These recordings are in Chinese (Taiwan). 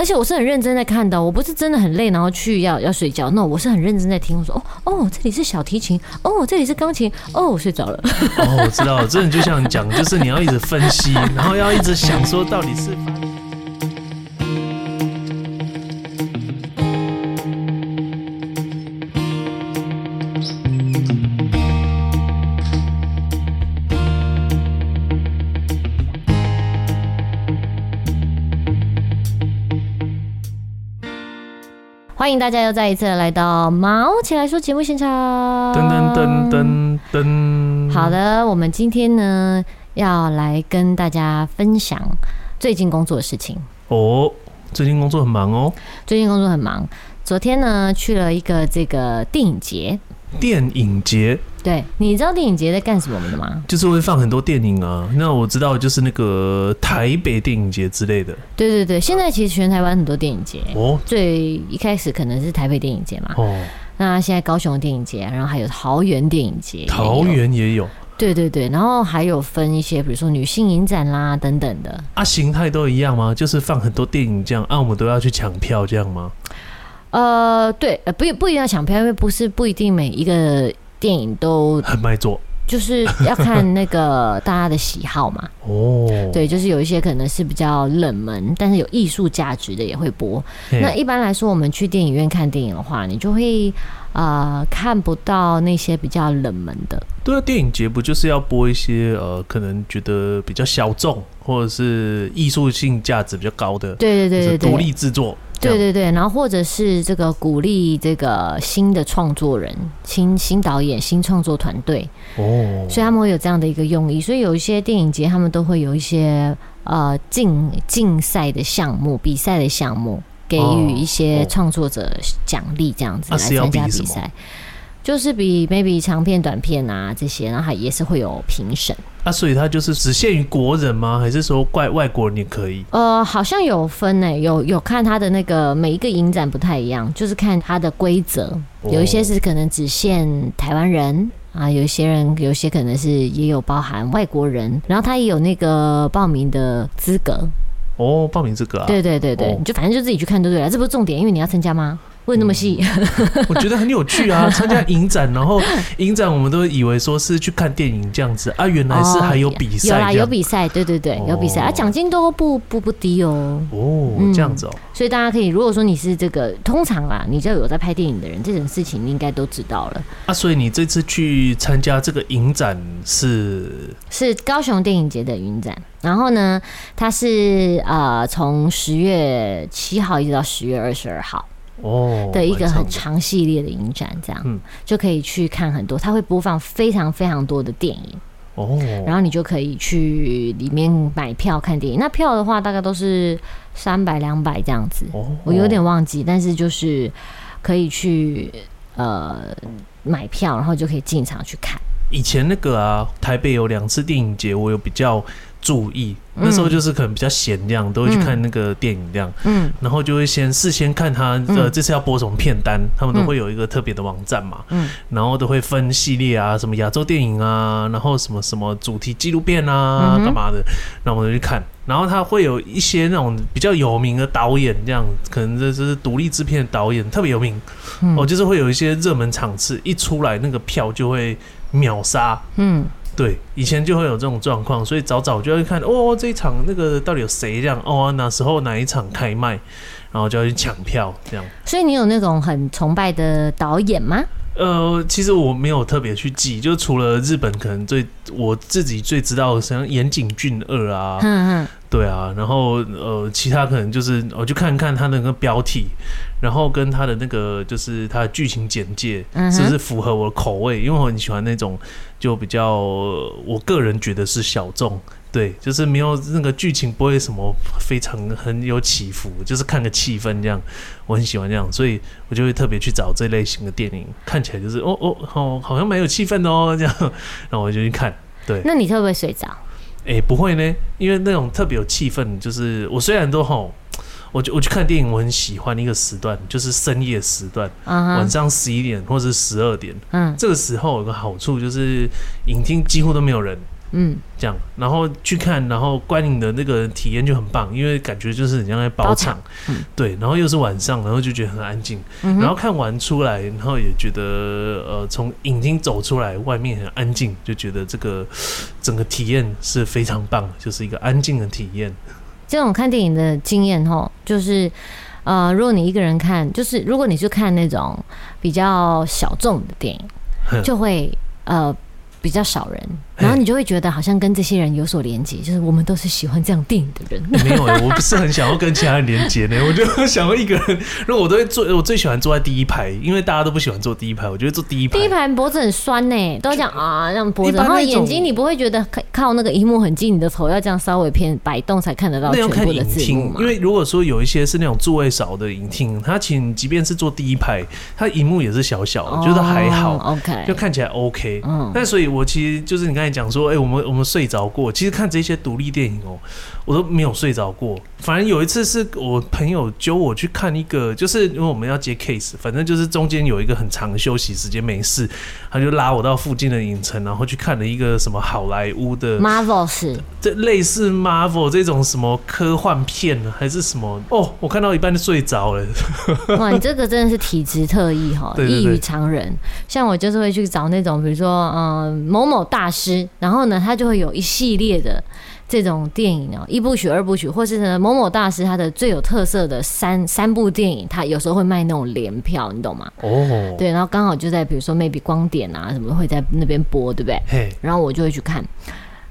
而且我是很認真在看的，我不是真的很累，然後去要要睡覺。那、no, 我是很認真在聽，我說哦哦，這裡是小提琴，哦這裡是鋼琴，哦我睡着了。哦，我知道了， 真的就像講，就是你要一直分析，然後要一直想說到底是。歡迎大家又再一次來到《卯起來說》節目現場。好的，我們今天呢要來跟大家分享最近工作的事情。哦，最近工作很忙哦。最近工作很忙，昨天呢去了一個這個電影節。電影節，對，你知道電影節在幹什麼的嗎？就是會放很多電影啊。那我知道，就是那個台北電影節之類的。對對對，現在其實全台灣很多電影節。哦。最一開始可能是台北電影節嘛。哦。那現在高雄電影節，然後還有桃園電影節。桃園也有。也有對對對，然後還有分一些，比如說女性影展啦等等的。啊，形態都一樣嗎？就是放很多電影這樣，啊，我們都要去搶票這樣嗎？呃，uh, 對，呃，不不一定要搶票，因為不是不一定每一個電影都很賣座，就是要看那個大家的喜好嘛。哦， oh. 對，就是有一些可能是比較冷門，但是有藝術價值的也會播。Hey. 那一般來說，我們去電影院看電影的話，你就會。啊、呃，看不到那些比較冷門的。對啊，電影節不就是要播一些呃，可能覺得比較小眾或者是藝術性價值比較高的？對對對，獨立製作。對對對，然後或者是這個鼓勵這個新的創作人、新新導演、新創作團隊。哦。所以他們會有這樣的一個用意，所以有一些電影節他們都會有一些呃競競賽的項目、比賽的項目。給予一些創作者獎勵，這樣子來參加比賽，就是比 maybe 長片、短片啊這些，然後他也是會有評審。那所以他就是只限於國人嗎？還是說怪外國人也可以？呃，好像有分呢、欸，有有看他的那個每一個影展不太一樣，就是看他的規則，有一些是可能只限台灣人啊，有些人，有些可能是也有包含外國人，然後他也有那個報名的資格。哦，報名資格啊！對對對對，哦、你就反正就自己去看就對了，這不是重點，因為你要參加嗎？問那麼細？ 我覺得很有趣啊！參加影展，然後影展我們都以為說是去看電影這樣子啊，原來是還有比賽，哦有，啊、有比賽，對對對，哦、有比賽啊，獎金都不不不低哦。哦，這樣子哦、嗯。所以大家可以，如果說你是這個通常啦、啊，你知道有在拍電影的人，這種事情你應該都知道了啊。所以你這次去參加這個影展是是高雄電影節的影展，然後呢，它是啊，從、呃、十月七號一直到十月二十二號。哦，oh, 對，蠻長的一個很長系列的影展，這樣、嗯、就可以去看很多。他會播放非常非常多的電影，哦，oh、然後你就可以去裡面買票看電影。那票的話，大概都是三百兩百這樣子，oh、我有點忘記，oh、但是就是可以去呃買票，然後就可以進場去看。以前那個啊，台北有兩次電影節，我有比較。注意，那時候就是可能比較閒，這樣、嗯、都會去看那個電影，這樣，嗯，然後就會先事先看他的這次要播什麼片單，嗯、他們都會有一個特別的網站嘛，嗯，然後都會分系列啊，什麼亞洲電影啊，然後什麼什麼主題紀錄片啊，幹、嗯、哼嘛的，那我們就去看，然後他會有一些那種比較有名的導演，這樣可能這就是獨立製片的導演特別有名，嗯、哦，就是會有一些熱門場次一出來，那個票就會秒殺，嗯。對，以前就會有這種狀況，所以早早就要去看，哦，這一場那個到底有誰這樣，哦，哪時候，哪一場開賣，然後就要去搶票這樣。所以你有那種很崇拜的導演嗎？呃，其實我沒有特別去記，就除了日本可能最我自己最知道的，像岩井俊二啊，對啊，然後呃，其他可能就是我去看看他的那個標題，然後跟他的那個就是他的劇情簡介是不是符合我的口味，因為我很喜歡那種就比較我個人覺得是小眾。對，就是沒有那個劇情，不會什麼非常很有起伏，就是看個氣氛這樣。我很喜歡這樣，所以我就會特別去找這類型的電影，看起來就是哦哦好、哦、好像蠻有氣氛的哦這樣，然後我就去看。對，那你會不會睡着？哎、欸，不會呢，因為那種特別有氣氛，就是我雖然都吼，我我去看電影，我很喜歡一個時段，就是深夜時段，Uh-huh. 晚上十一點或是十二點。嗯，這個時候有個好處就是影廳幾乎都沒有人。嗯，這樣，然後去看，然後觀影的那個體驗就很棒，因為感覺就是你像在包場，包場，嗯、對，然後又是晚上，然後就覺得很安靜，嗯、哼然後看完出來，然後也覺得呃，從影廳走出來，外面很安靜，就覺得這個整個體驗是非常棒的，就是一個安靜的體驗。這種看電影的經驗齁，就是呃，如果你一個人看，就是如果你去看那種比較小眾的電影，就會呃比較少人。然後你就會覺得好像跟這些人有所連接，就是我們都是喜歡這樣電影的人。 沒有哎、欸，我不是很想要跟其他人連接呢、欸。我就想要一個人。如果我都會坐，我最喜歡坐在第一排，因為大家都不喜歡坐第一排。我覺得坐第一排，第一排脖子很酸呢、欸，都講啊，啊，這樣脖子那種，然後眼睛你不會覺得靠那個熒幕很近，你的頭要這樣稍微偏擺動才看得到全部的字幕嗎。那要看影廳，因為如果說有一些是那種座位少的影廳，它請即便是坐第一排，它熒幕也是小小的，覺得還好、oh,，OK，就看起來 OK。嗯，那所以我其實就是你剛才。講說，哎、欸，我們我們睡着過。其實看這些獨立電影哦、喔。我都沒有睡着過，反正有一次是我朋友揪我去看一個，就是因為我們要接 case，反正就是中間有一個很長的休息時間沒事，他就拉我到附近的影城，然後去看了一個什麼好萊塢的 Marvels，這類似 Marvel 這種什麼科幻片呢，還是什麼？哦，我看到一半就睡着了。哇，你 這個真的是體質特異哈、喔，異於對常人。像我就是會去找那種比如說嗯、呃、某某大師，然後呢他就會有一系列的。這種電影哦、喔，一部曲、二部曲，或是呢某某大師他的最有特色的三三部電影，他有時候會賣那種聯票，你懂嗎？哦，oh. 對，然後剛好就在比如說 Maybe 光點啊什麼會在那邊播，對不對？嘿，Hey. 然後我就會去看。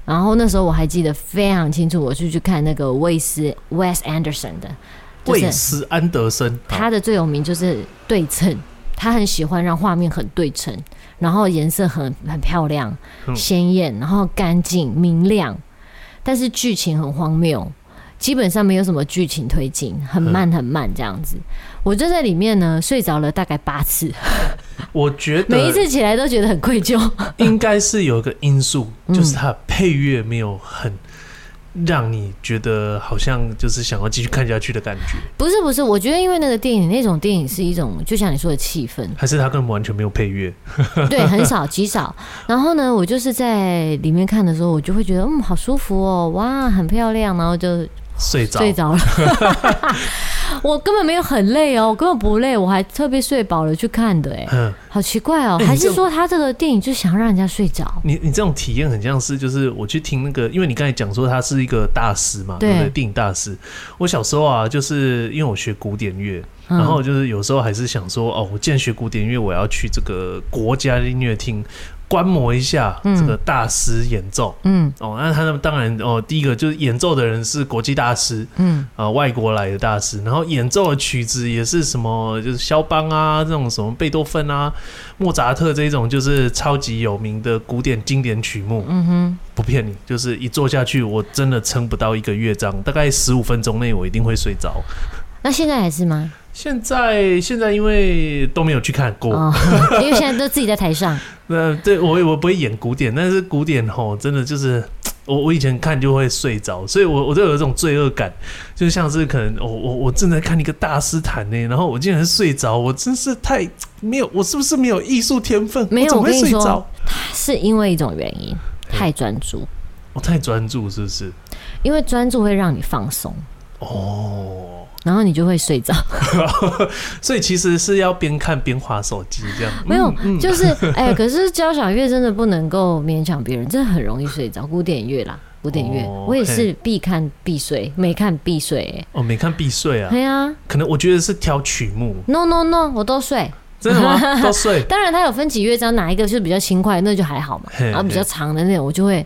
然後那時候我還記得非常清楚，我是去看那個衛斯 （Wes Anderson） 的，衛斯安德森，他的最有名就是對稱，oh. 他很喜歡讓畫面很對稱，然後顏色很很漂亮、鮮豔，然後乾淨明亮。嗯但是劇情很荒謬，基本上沒有什麼劇情推進，很慢很慢這樣子。嗯、我就在裡面呢睡着了大概八次，我覺得每一次起來都覺得很愧疚。應該是有一個因素，就是它配樂沒有很。讓你覺得好像就是想要繼續看下去的感覺。不是不是，我覺得因為那個電影，那種電影是一種，就像你說的氣氛，還是它根本完全沒有配樂？ 對，很少極少。然後呢，我就是在裡面看的時候，我就會覺得，嗯，好舒服哦，哇，很漂亮，然後就。睡着睡着著了， 我根本沒有很累哦，我根本不累，我還特別睡飽了去看的哎，嗯、好奇怪哦，欸、還是說他這個電影就想讓人家睡着？你你這種體驗很像是就是我去聽那個，因為你剛才講說他是一個大師嘛，對，對不對？電影大師，我小時候啊，就是因為我學古典樂，嗯、然後就是有時候還是想說哦，我既然學古典樂，我要去這個國家音樂廳。觀摩一下這個大師演奏，嗯，嗯哦，那他那麼當然，哦，第一個就是演奏的人是國際大師，嗯，啊、呃，外國來的大師，然後演奏的曲子也是什麼，就是肖邦啊這種什麼貝多芬啊、莫扎特這種，就是超級有名的古典經典曲目。嗯哼，不騙你，就是一坐下去，我真的撐不到一個樂章，大概十五分鐘內我一定會睡着。那現在還是嗎？現在現在因為都沒有去看過，oh, 因為現在都自己在台上 。那對我我不會演古典，但是古典吼真的就是我我以前看就會睡着，所以我我就有一種罪惡感，就像是可能我我我正在看一個大師談呢、欸，然後我竟然睡着，我真是太沒有，我是不是沒有藝術天分？沒有，我怎麼會睡著？我跟你說，是因為一種原因，太專注，我太專注是不是？因為專注會讓你放鬆、嗯、哦。然後你就會睡着， 所以其實是要邊看邊滑手機這樣。沒有，就是哎、欸，可是交響樂真的不能夠勉強別人，真的很容易睡着。古典樂啦，古典樂，哦、我也是必看必睡，嘿沒看必睡、欸。哦，沒看必睡啊？對啊，可能我覺得是挑曲目。No No No，我都睡，真的嗎？都睡。 當然，它有分幾樂章，哪一個就是比較輕快，那就還好嘛。嘿嘿，然後比較長的那種，我就會。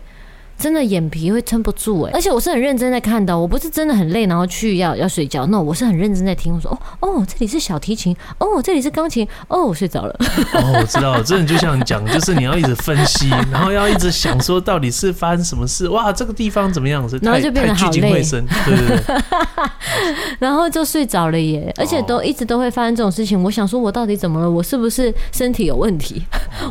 真的眼皮會撐不住哎、欸，而且我是很認真在看到，我不是真的很累，然後去要要睡覺。那、no, 我是很認真在聽，我說哦哦，這裡是小提琴，哦，這裡是鋼琴，哦，我睡着了。哦，我知道了， 真的就像你講，就是你要一直分析，然後要一直想說到底是發生什麼事，哇，這個地方怎麼樣？是然後就變得聚精會神對，對對？ 然後就睡着了耶，而且都一直都會發生這種事情。哦、我想說，我到底怎麼了？我是不是身體有問題？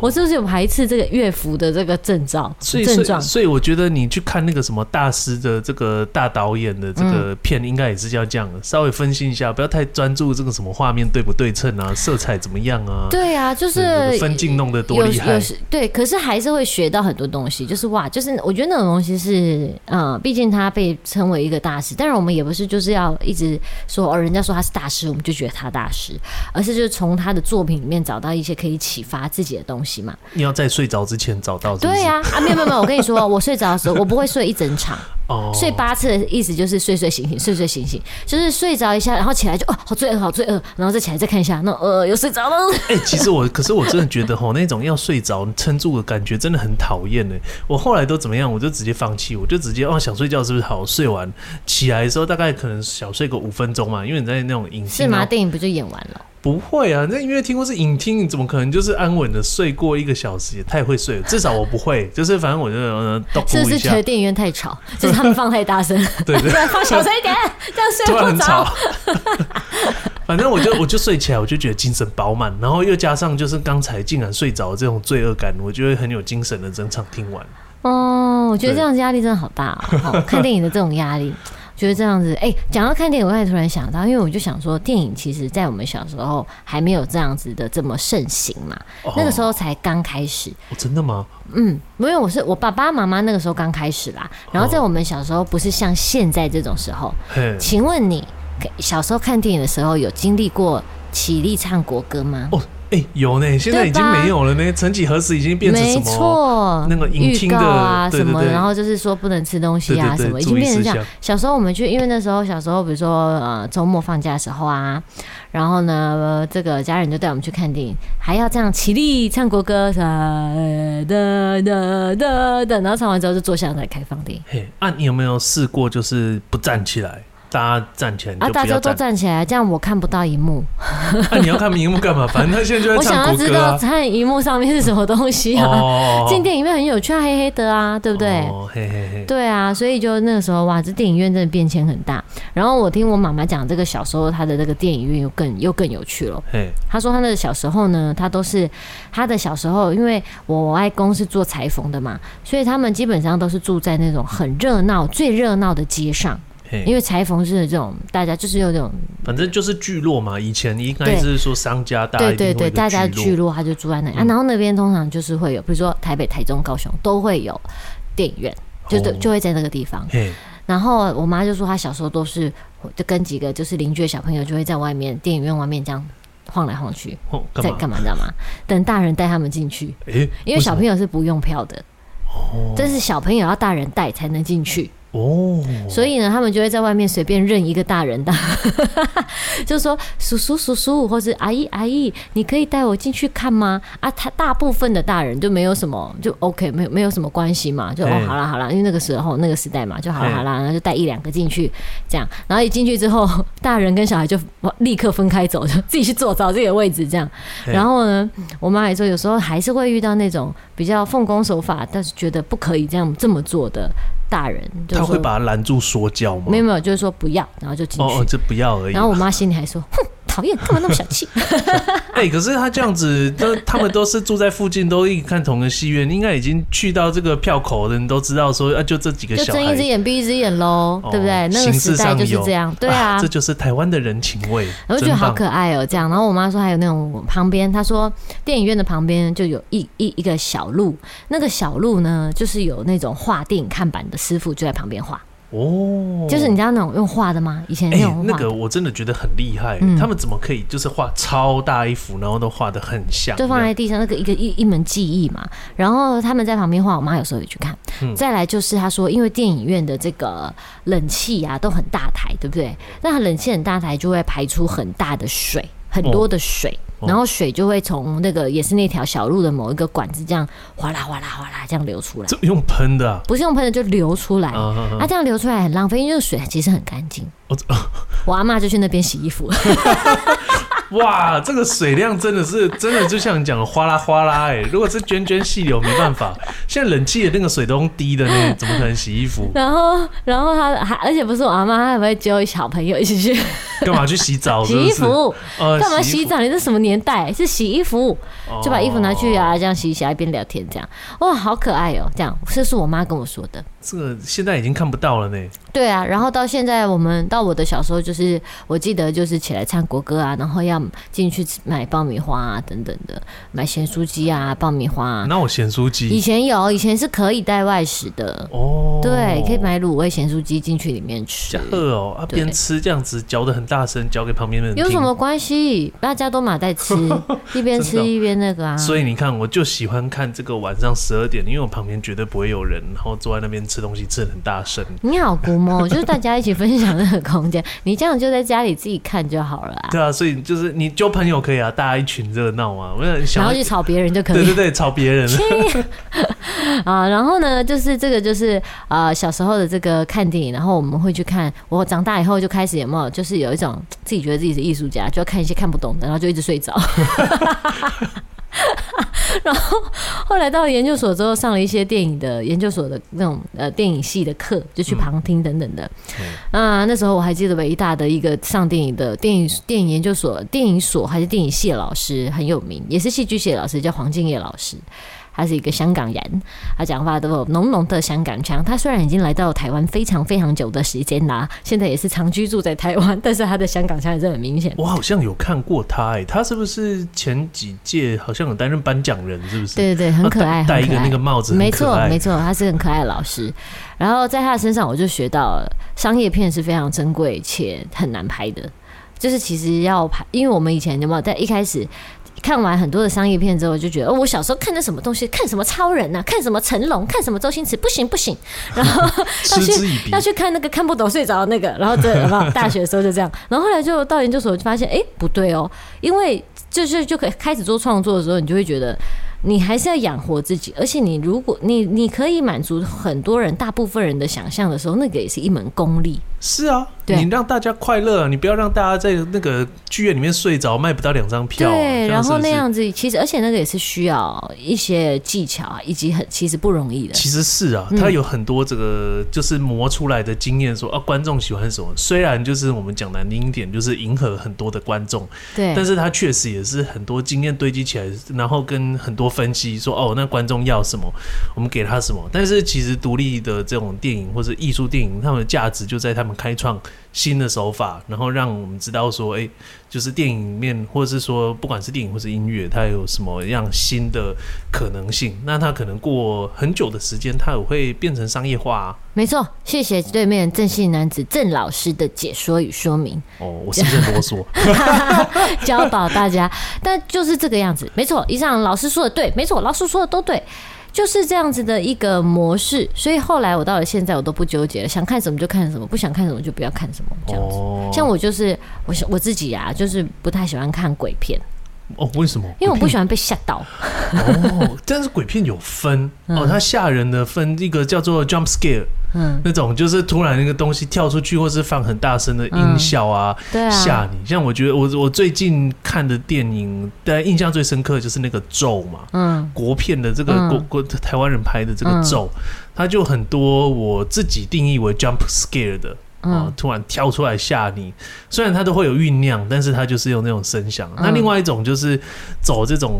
我是不是有排斥這個樂福的這個症狀，所以症狀所以，所以我覺得你去看那個什麼大師的這個大導演的這個片，應該也是要這樣、嗯、稍微分析一下，不要太專注這個什麼畫面對不對稱啊，色彩怎麼樣啊？對啊，就是、嗯那個、分鏡弄得多厲害，對，可是還是會學到很多東西。就是哇，就是我覺得那種東西是，嗯，畢竟他被稱為一個大師，但是我們也不是就是要一直說，哦，人家說他是大師，我們就覺得他大師，而是就是從他的作品裡面找到一些可以啟發自己的東西。東西嘛，你要在睡着之前找到是不是？對呀、啊，啊，沒有沒有沒有，我跟你說，我睡着的時候， 我不會睡一整場，oh. 睡八次的意思就是睡睡醒醒，睡睡醒醒，就是睡着一下，然後起來就哦好罪惡、啊、好罪惡、啊，然後再起來再看一下，那呃，又睡着了。哎、 欸，其實我可是我真的覺得哈，那種要睡着撐住的感覺真的很討厭呢。我後來都怎麼樣？我就直接放棄，我就直接哦想睡覺是不是好，睡完起來的時候大概可能小睡個五分鐘嘛，因為你在那種影戲是嗎？電影不就演完了？不會啊，那因為音樂廳或是影廳，你怎麼可能就是安穩的睡過一個小時？也太會睡了，至少我不會。就是反正我覺得，這是,是覺得電影院太吵， 就是他們放太大聲，對對，放小聲一點，這樣睡不着。 反正我就我就睡起來，我就覺得精神飽滿，然後又加上就是剛才竟然睡着這種罪惡感，我覺得很有精神的整場聽完。哦，我覺得這樣的壓力真的好大啊對哦，看電影的這種壓力。就是這樣子，哎、欸，講到看電影，我也突然想到，因為我就想說，電影其實在我們小時候還沒有這樣子的這麼盛行嘛，oh. 那個時候才剛開始。Oh, 真的嗎？嗯，因為我是我爸爸媽媽那個時候剛開始啦，oh. 然後在我們小時候不是像現在這種時候。Oh. 請問你小時候看電影的時候有經歷過起立唱國歌嗎？Oh. 哎、欸，有呢、欸，現在已經沒有了呢、欸。曾吧幾何時，已經變成什麼那個影廳的預告啊什麼？然後就是說不能吃東西啊什麼，對對對，已經變成這樣。小時候我們去，因為那時候小時候，比如說呃週末放假的時候啊，然後呢、呃、這個家人就帶我們去看電影，還要這樣起立唱國歌，的的的，然後唱完之後就坐下來開放電影。嘿、欸，那你有沒有試過就是不站起來？大家站起來！啊，大家都站起來，這樣我看不到熒幕。那、 啊、你要看熒幕幹嘛？反正他現在就在、啊、我想要知道看熒幕上面是什麼東西啊。進、哦哦哦、電影院很有趣啊，黑黑的啊，對不對？哦、嘿嘿嘿對啊，所以就那個時候，哇，這電影院真的變遷很大。然後我聽我媽媽講，這個小時候他的那個電影院又更又更有趣了。她嘿他說他那個小時候呢，他都是他的小時候，因為我外公是做裁縫的嘛，所以他們基本上都是住在那種很熱鬧、最熱鬧的街上。因為裁縫是這種，大家就是有這種，反正就是聚落嘛。以前應該是說商家大家對，大家對，對對對，大家聚落，他就住在那裡、嗯啊、然後那邊通常就是會有，比如說台北、台中、高雄都會有電影院，就就、哦、就會在那個地方。哦、然後我媽就說，她小時候都是，就跟幾個就是鄰居的小朋友，就會在外面電影院外面這樣晃來晃去，在幹、哦、嘛？幹嘛知道嗎？等大人帶他們進去，欸、為什麼？因為小朋友是不用票的，哦、但是小朋友要大人帶才能進去。哦，oh, 所以呢，他們就會在外面隨便認一個大人的， 就說叔叔、叔叔，或是阿姨、阿姨，你可以帶我進去看嗎？啊，他大部分的大人就沒有什麼，就 OK，沒有沒有什麼關係嘛，就 Hey. 哦，好啦、好啦，因為那個時候那個時代嘛，就好啦、好啦，Hey. 然後就帶一兩個進去這樣，然後一進去之後，大人跟小孩就立刻分開走，就自己去坐找自己的位置這樣。然後呢，Hey. 我媽也說，有時候還是會遇到那種比較奉公守法，但是覺得不可以這樣這麼做的。大人、就是、他會把他攔住說教嗎？沒有沒有，就是說不要，然後就進去，哦，哦，這不要而已。然後我媽心裡還說，哼。 討厭，幹嘛那麼小氣？哎、 欸，可是他這樣子都， 他們都是住在附近，都一看同一個戲院，應該已經去到這個票口的人都知道說，啊，就這幾個小，睜一隻眼閉一隻眼嘍，哦、對不對？那個時代就是這樣，對啊，啊這就是台灣的人情味，然後我覺得好可愛哦、喔，這樣。然後我媽說還有那種旁邊，她說電影院的旁邊就有一一一個小路，那個小路呢就是有那種畫電影看板的師傅就在旁邊畫。哦，就是你知道那種用畫的嗎？以前那、欸、那個我真的覺得很厲害、欸，嗯、他們怎麼可以就是畫超大一幅，然後都畫得很像。就放在地上那個一個一一門技藝嘛，然後他們在旁邊畫，我媽有時候也去看。嗯、再來就是他說，因為電影院的這個冷氣呀、啊、都很大台，對不對？那冷氣很大台就會排出很大的水。嗯很多的水，哦哦、然後水就會從那個也是那條小路的某一個管子，這樣嘩啦嘩啦嘩啦這樣流出來。這用噴的、啊，不是用噴的，就流出來。哦哦、啊，這樣流出來、哦哦、很浪費，因為水其實很乾淨。哦哦、我阿嬤就去那邊洗衣服。 哇，這個水量真的是真的，就像你講的嘩啦嘩啦哎、欸，如果是涓涓細流，沒辦法。現在冷氣的那個水都滴的呢、欸，怎麼可能洗衣服？然後，然後他還而且不是我阿媽，他還會叫小朋友一起去幹嘛，去洗澡，是是洗，呃？洗衣服？幹嘛洗澡？你這什麼年代？是洗衣服，哦、就把衣服拿去啊這樣洗，洗、啊、一邊聊天這樣。哇、哦，好可愛哦！這樣，這是我媽跟我說的。這個現在已經看不到了呢、欸。對啊，然後到現在我們到我的小時候，就是我記得就是起來唱國歌啊，然後要。進去買爆米花啊等等的，買鹹酥雞啊爆米花，啊。那我鹹酥雞以前有，以前是可以帶外食的哦。對，可以買滷味鹹酥雞進去裡面吃。哦，對啊，邊吃這樣子嚼的很大聲，嚼給旁邊的人。有什麼關係？大家都馬在吃， 一邊吃一邊那個啊。所以你看，我就喜歡看這個晚上十二點，因為我旁邊絕對不會有人，然後坐在那邊吃東西，吃的很大聲。你好，估摸就是大家一起分享那個空間， 你這樣就在家裡自己看就好了，啊。對啊，所以就是。你交朋友可以啊，大家一群熱鬧啊！我想，然後去吵別人就可以對對對，吵別人了 啊。然後呢，就是這個就是啊、呃，小時候的這個看電影，然後我們會去看。我長大以後就開始有沒有，就是有一種自己覺得自己是藝術家，就要看一些看不懂的，然後就一直睡着。 然後後來到研究所之後，上了一些電影的研究所的那種呃電影系的課，就去旁聽等等的。啊、嗯呃，那時候我還記得偉大的一個上電影的電影電影研究所電影所還是電影系的老師很有名，也是戲劇系的老師，叫黃敬業老師。他是一個香港人，他講話都有濃濃的香港腔。他雖然已經來到台灣非常非常久的時間啦、啊，現在也是常居住在台灣，但是他的香港腔還是很明顯。我好像有看過他、欸，哎，他是不是前幾屆好像有擔任頒獎人？是不是？對對對，很可愛，戴，很可愛戴一個那個帽子沒。沒錯沒錯，他是很可愛的老師。 然後在他的身上，我就學到了商業片是非常珍貴且很難拍的，就是其實要拍，因為我們以前有沒有在一開始？看完很多的商業片之後，就覺得、哦，我小時候看的什麼東西？看什麼超人吶、啊？看什麼成龍？看什麼周星馳？不行不行，然後要去要去看那個看不懂睡着的那個。然後對，什麼？大學的時候就這樣。然後後來就到研究所，就發現，哎，不對哦，因為就是就可以開始做創作的時候，你就會覺得，你還是要養活自己，而且你如果你你可以滿足很多人大部分人的想象的時候，那個也是一門功力。是啊，對你讓大家快樂、啊，你不要讓大家在那個劇院裡面睡着，賣不到兩張票、啊。對，是是然後那樣子其實，而且那個也是需要一些技巧，啊，以及很其實不容易的。其實是啊，嗯、他有很多這個就是磨出來的經驗，說啊觀眾喜歡什麼。雖然就是我們講難聽一點，就是迎合很多的觀眾，對。但是他確實也是很多經驗堆積起來，然後跟很多分析說哦，那觀眾要什麼，我們給他什麼。但是其實獨立的這種電影或者藝術電影，他們的價值就在他們。開創新的手法，然後讓我們知道說，哎、欸，就是電影裡面，或者是說，不管是電影或是音樂，它有什麼樣新的可能性？那它可能過很久的時間，它也會變成商業化、啊。沒錯，謝謝對面鄭姓男子鄭老師的解說與說明。哦，我是不是囉嗦？ 教導大家， 但就是這個樣子。沒錯，以上老師說的對。沒錯，老師說的都對。就是這樣子的一個模式，所以後來我到了現在我都不糾結了，想看什麼就看什麼，不想看什麼就不要看什麼這樣子。Oh. 像我就是我我自己啊，就是不太喜歡看鬼片。哦，為什麼？因為我不喜歡被嚇到。哦，但是鬼片有分 哦，它嚇人的分一個叫做 jump scare，嗯，那種就是突然那個東西跳出去，或是放很大聲的音效啊，嚇、嗯、你。對啊、像我覺得我我最近看的電影，但印象最深刻的就是那個咒嘛，嗯，國片的這個國、嗯、國、國台灣人拍的這個咒，嗯、它就很多我自己定義為 jump scare 的。啊！嗯、突然跳出來嚇你，雖然它都會有醞釀，但是它就是用那種聲響。嗯、那另外一種就是走這種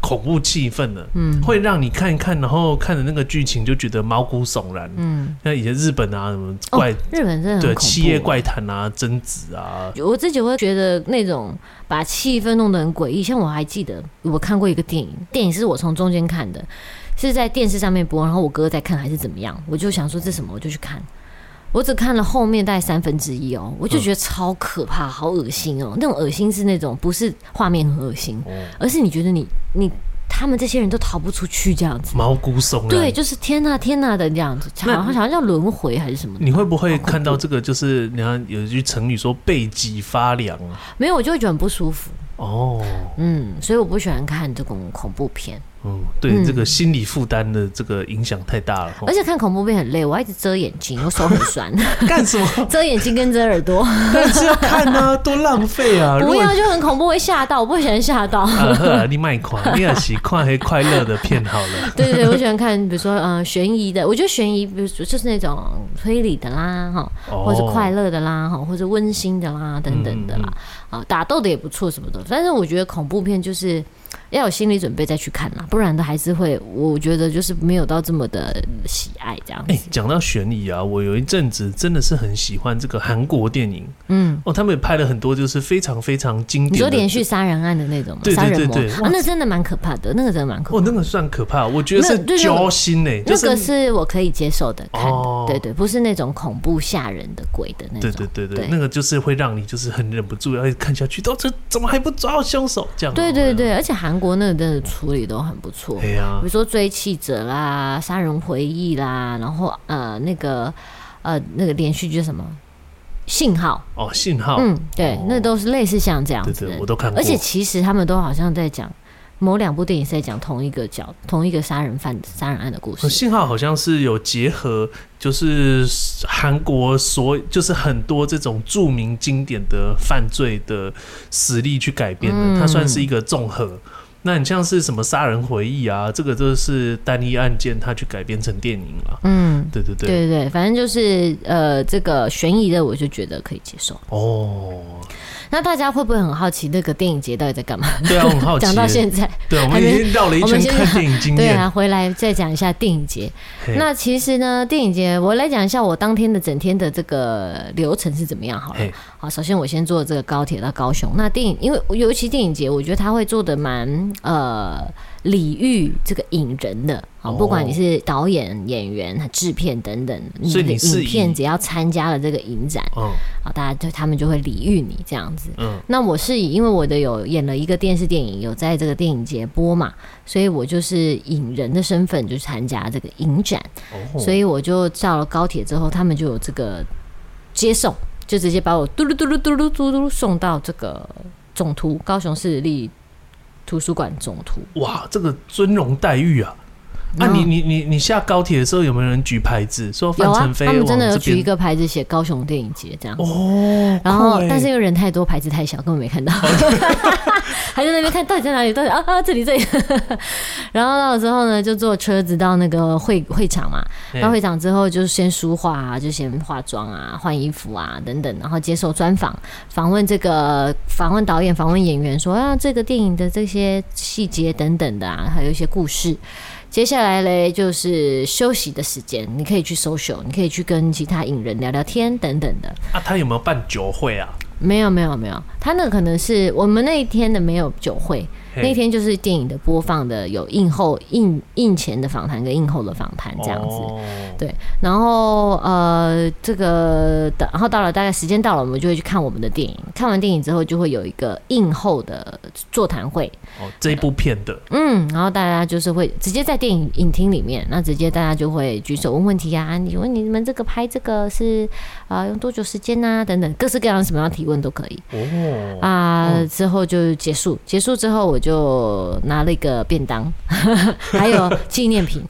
恐怖氣氛的，嗯、會讓你看一看，然後看着那個劇情就覺得毛骨悚然。嗯，像以前日本啊什麼怪，哦、日本這種對《七夜怪談》啊、貞子啊，我自己會覺得那種把氣氛弄得很詭異。像我還記得我看過一個電影，電影是我從中間看的，是在電視上面播，然後我哥哥在看還是怎麼樣，我就想說這什麼，我就去看。我只看了後面大概三分之一哦、喔，我就覺得超可怕，嗯、好噁心哦、喔！那種噁心是那種不是畫面很噁心，哦、而是你覺得你你他們這些人都逃不出去這樣子，毛骨悚然。對，就是天吶天吶的這樣子，好那像好像叫輪迴還是什麼？你會不會看到這個？就是你看 有一句成語說背脊發涼啊，沒有，我就會覺得很不舒服哦。嗯，所以我不喜歡看這種恐怖片。嗯，對這個心理負擔的這個影響太大了。嗯、而且看恐怖片很累，我一直遮眼睛，我手很酸。 幹什麼？ 遮眼睛跟遮耳朵。 但是要看呢、啊，多浪費啊！不要用 果就很恐怖，會嚇到，我不喜歡嚇到。你慢看，你很喜歡看很 快樂的片好了。 對對我喜歡看，比如說嗯、呃，懸疑的，我覺得懸疑，比如就是那種推理的啦哈，哦、或者是快樂的啦哈，或者是溫馨的啦等等的啦，啊、嗯嗯，打鬥的也不錯什麼的。但是我覺得恐怖片就是。要有心理準備再去看啦，不然的還是會，我覺得就是沒有到這麼的喜愛這樣。哎，講到懸疑啊，我有一陣子真的是很喜歡這個韓國電影，嗯，哦，他們也拍了很多就是非常非常經典，你說連續殺人案的那種，對對對，啊，那真的蠻可怕的，那個真的蠻可怕。哦，那個算可怕，我覺得是揪心呢。這個是我可以接受的，看。對對，不是那種恐怖嚇人的鬼的那種，對對對對，那個就是會讓你就是很忍不住要看下去，哦，這怎麼還不抓到兇手？這樣，對對對，而且。韓國那個真的處理都很不錯，呀、啊，比如說《追擊者》啦、《殺人回憶》啦，然後呃那個呃那個連續劇什麼《信號》哦，《信號》嗯，對，哦、那都是類似像這樣子的，對對對，我都看過。而且其實他們都好像在講。某兩部電影是在講同一個角、同一個殺人犯、殺人案的故事。信號好,好像是有結合，就是韓國所，就是很多這種著名經典的犯罪的實例去改編的，嗯、它算是一個綜合。那你像是什麼殺人回憶啊？這個都是單一案件，它去改編成電影了、啊。嗯，對對對,對對對，反正就是呃，這個懸疑的，我就覺得可以接受。哦，那大家會不會很好奇那個電影節到底在幹嘛？對啊，我很好奇。 講到現在，對，沒我們已經到了一圈看電影經驗，對啊，回來再講一下電影節。嘿那其實呢，電影節我來講一下我當天的整天的這個流程是怎麼樣好了。嘿好，首先我先坐這個高鐵到高雄。那電影，因為尤其電影節，我覺得他會做得蠻。呃，禮遇這個影人的，好，不管你是導演、演員、製片等等，你的影片只要參加了這個影展，哦，好，大家就他們就會禮遇你這樣子。嗯，那我是以因為我的有演了一個電視電影，有在這個電影節播嘛，所以我就是影人的身份就參加這個影展，所以我就到了高鐵之後，他們就有這個接送，就直接把我嘟嚕嘟嚕嘟嚕嘟嘟送到這個總圖高雄市立、圖書館總圖，哇，這個尊榮待遇啊！那你、啊、你你你下高鐵的時候有沒有人舉牌子說范成飛？有啊？他們真的有舉一個牌子寫“高雄電影節”這樣子，哦、然後、欸、但是因為人太多，牌子太小，根本沒看到，哦、 還在那邊看到底在哪裡？到底啊啊，啊，這裡這裡。 然後到了之後呢，就坐車子到那個會會場嘛。到對會場之後就先梳化、啊，就先化妝啊、換衣服啊等等，然後接受專訪，訪問這個訪問導演、訪問演員說，說啊這個電影的這些細節等等的啊，還有一些故事。接下來嘞，就是休息的時間，你可以去 social，你可以去跟其他影人聊聊天等等的。啊，他有沒有辦酒會啊？沒有，沒有，沒有，他那可能是我們那一天的沒有酒會。Hey, 那天就是電影的播放的有映後映映前的訪談跟映後的訪談這樣子，oh. 對，然後呃這個等然後到了大概時間到了，我們就會去看我們的電影，看完電影之後就會有一個映後的座談會，oh, 這一部片的、呃，嗯，然後大家就是會直接在電影影廳裡面，那直接大家就會舉手問問題啊，你問你們這個拍這個是啊、呃、用多久時間啊等等，各式各樣什麼樣提問都可以，啊、oh. oh. 呃、之後就結束，結束之後我就。就拿了一個便當，還有紀念品，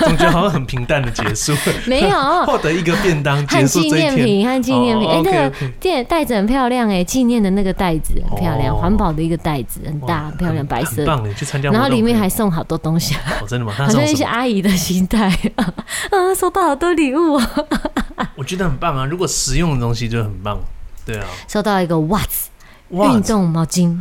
總覺得好像很平淡的結束。沒有獲得一個便當和紀念品，和紀念品。哎，那個袋袋子很漂亮哎，紀念的那個袋子很漂亮，環保的一個袋子，很大，很漂亮，白色。然後裡面還送好多東西啊！真的嗎？好像一些阿姨的心態，嗯，收到好多禮物。我覺得很棒啊，如果實用的東西就很棒。對啊，收到一個襪子，運動毛巾。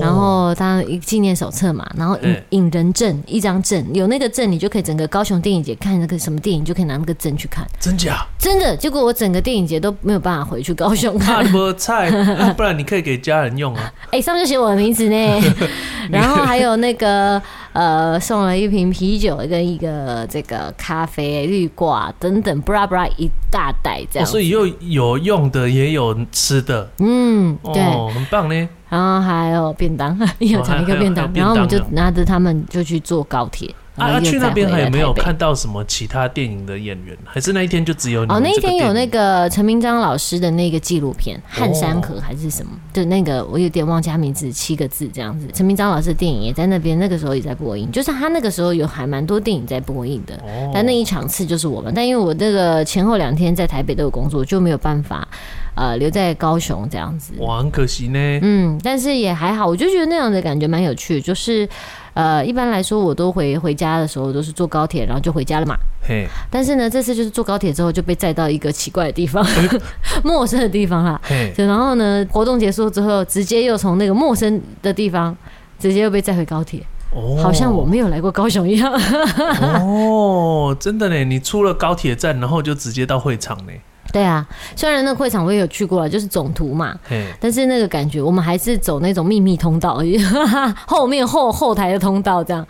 然後，當一紀念手冊嘛，然後引引人證、欸、一張證，有那個證，你就可以整個高雄電影節看那個什麼電影，就可以拿那個證去看。真假？真的。結果我整個電影節都沒有辦法回去高雄看。有有菜、 啊，不然你可以給家人用啊。哎、欸，上面就寫我的名字呢。 然後還有那個呃，送了一瓶啤酒跟一個這個咖啡濾掛等等，布拉布拉一大袋這樣子、哦。所以又有有用的，也有吃的。嗯，對哦，很棒呢。然後還有便當，一場一個便當，哦、然後我們就拿着他們就去坐高鐵。那、啊啊、去那邊還有沒有看到什麼其他電影的演員？還是那一天就只有你？哦，那一天有那個陳明章老師的那個紀錄片《哦、漢山河》還是什麼？對，那個我有點忘記他名字，七個字這樣子。陳明章老師的電影也在那邊，那個時候也在播映。就是他那個時候有還蠻多電影在播映的，但那一場次就是我們，但因為我這個前後兩天在台北都有工作，就沒有辦法。呃，留在高雄這樣子，哇，很可惜呢。嗯，但是也還好，我就覺得那樣的感覺蠻有趣。就是，呃，一般來說我都回回家的時候都是坐高鐵，然後就回家了嘛。嘿，但是呢，這次就是坐高鐵之後就被載到一個奇怪的地方，欸、陌生的地方啦。嘿然後呢，活動結束之後，直接又從那個陌生的地方，直接又被載回高鐵。哦，好像我沒有來過高雄一樣。 哦，真的呢，你出了高鐵站，然後就直接到會場呢。對啊，雖然那會場我也有去過了，就是總圖嘛，Hey. 但是那個感覺我們還是走那種祕密通道， 後面後後台的通道這樣，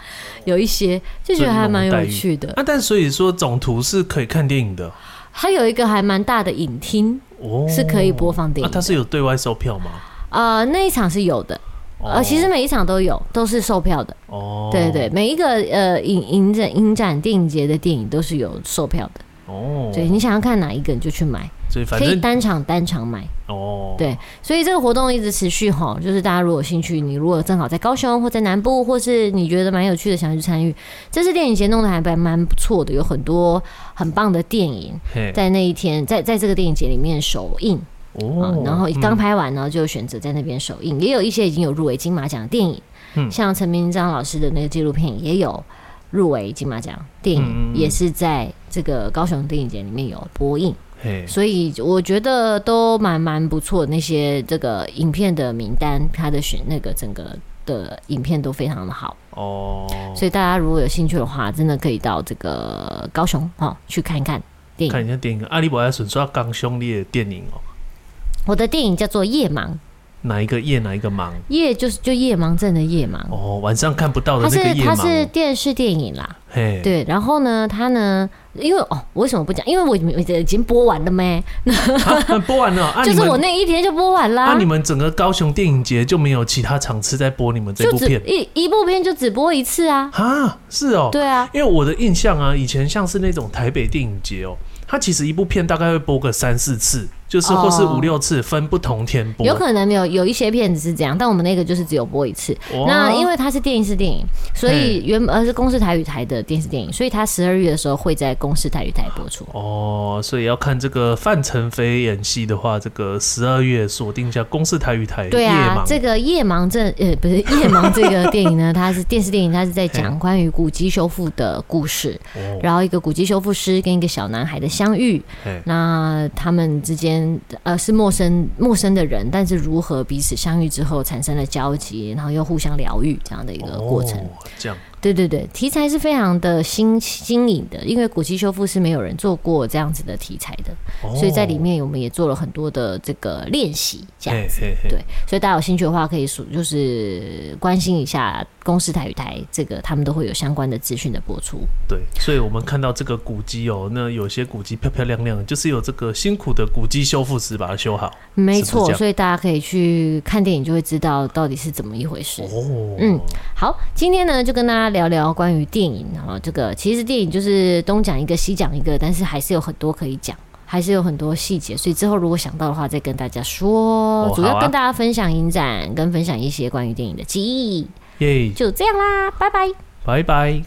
有一些就覺得還蠻有趣的。那、啊、但所以說總圖是可以看電影的，它有一個還蠻大的影廳，哦，oh, 是可以播放電影，啊。它是有對外售票嗎？啊、呃，那一場是有的、oh. 呃，其實每一場都有，都是售票的。哦，oh. 對，對對，每一個呃影影展影展電影節的電影都是有售票的。哦，oh, 對，你想要看哪一個，你就去買，以可以單場單場買哦。Oh. 對，所以這個活動一直持續哈，就是大家如果有興趣，你如果正好在高雄或在南部，或是你覺得蠻有趣的，想要去參與，這次電影節弄得還蠻不錯的，有很多很棒的電影 Hey. 在那一天在在這個電影節裡面首映哦，oh, 啊。然後剛拍完呢，就選擇在那邊首映，嗯，也有一些已經有入圍金馬獎的電影，嗯，像陳明章老師的那個紀錄片也有。入圍金馬獎電影也是在這個高雄電影節裡面有播映，嗯、所以我覺得都蠻蠻不錯。那些這個影片的名單，他的選那個整個的影片都非常的好哦。所以大家如果有興趣的話，真的可以到這個高雄去看一看電影。看一下電影，阿里伯爾什說剛兄你的電影哦，我的電影叫做《夜盲》。哪一個夜，哪一個盲？夜就是就夜盲症的夜盲。哦，晚上看不到的那個夜盲。它是它是電視電影啦，嘿，對。然後呢，它呢，因為哦，我為什麼不講？因為我已經已經播完了咩？啊、播完了、哦，啊、就是我那一天就播完了、啊。那、啊、你們整個高雄電影節就沒有其他場次在播你們這部片？就一一部片就只播一次啊？啊，是哦，對啊。因為我的印象啊，以前像是那種台北電影節哦，它其實一部片大概會播個三四次。就是或是五六次，分不同天播。Oh, 有可能有有一些片子是這樣，但我們那個就是只有播一次。Oh. 那因為它是電影視電影，所以原本 Hey. 而是公視台語台的電視電影，所以它十二月的時候會在公視台語台播出。哦，oh, 所以要看這個范成飛演戲的話，這個十二月鎖定一下公視台語台夜。對啊，這個《夜盲症》呃，不是《夜盲》這個電影呢， 它是電視電影，它是在講關於古籍修復的故事，Hey . oh. 然後一個古籍修復師跟一個小男孩的相遇，Hey. 那他們之間。呃，是陌生陌生的人，但是如何彼此相遇之後產生了交集，然後又互相療癒這樣的一個過程，哦，這樣。對對對，題材是非常的新新穎的，因為古籍修復是沒有人做過這樣子的題材的，哦、所以在裡面我們也做了很多的這個練習，這樣子，嘿嘿嘿對，所以大家有興趣的話可以數就是關心一下公視台語台這個，他們都會有相關的資訊的播出。對，所以我們看到這個古籍哦，那有些古籍漂漂亮亮，就是有這個辛苦的古籍修復師把它修好。沒錯，是不是這樣？所以大家可以去看電影，就會知道到底是怎麼一回事。Oh. 嗯，好，今天呢就跟大家聊聊關於電影啊，然後這個其實電影就是東講一個西講一個，但是還是有很多可以講，還是有很多細節，所以之後如果想到的話再跟大家說。Oh, 主要跟大家分享影展，好啊，跟分享一些關於電影的記憶。耶，Yeah. 就這樣啦，拜拜，拜拜。